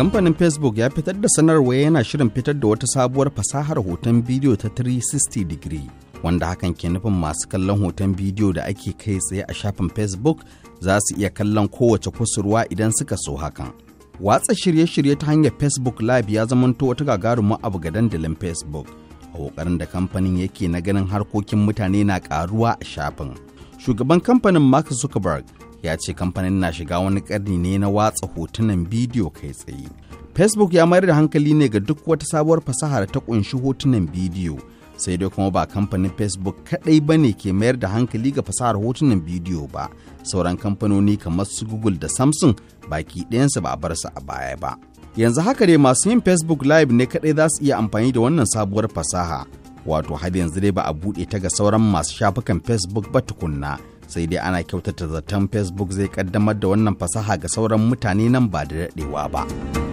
kamfanin facebook ya fitar da sanarwa yana shirin fitar da wata sabuwar fasahar hoton bidiyo ta 360 degree wanda hakan ke nufin masu kallon hoton bidiyo da ake kai tsaye a shafin facebook za su iya kallon kowace kusurwa idan suka so hakan watsa shirye-shirye ta hanyar facebook live ya zamanto wata gagarumin abu ga dandalin facebook a kokarin da kamfanin yake na ganin harkokin mutane na karuwa a shafin shugaban kamfanin mark zuckerberg ya ce kamfanin na shiga wani karni ne na watsa hotunan bidiyo kai tsaye facebook ya mayar da hankali ne ga duk wata sabuwar fasaha da ta kunshi hotunan bidiyo sai dai kuma ba kamfanin facebook kaɗai ba ne ke mayar da hankali ga fasahar hotunan bidiyo ba sauran kamfanoni kamar su google da samsung baki ɗayansu ba a bar su a baya ba yanzu haka dai masu yin facebook live ne kaɗai za su iya amfani da wannan sabuwar fasaha wato har yanzu dai ba a buɗe ta ga sauran masu shafukan facebook ba tukunna sai dai ana kyautata zaton facebook zai kaddamar da wannan fasaha ga sauran mutane nan ba da daɗewa ba.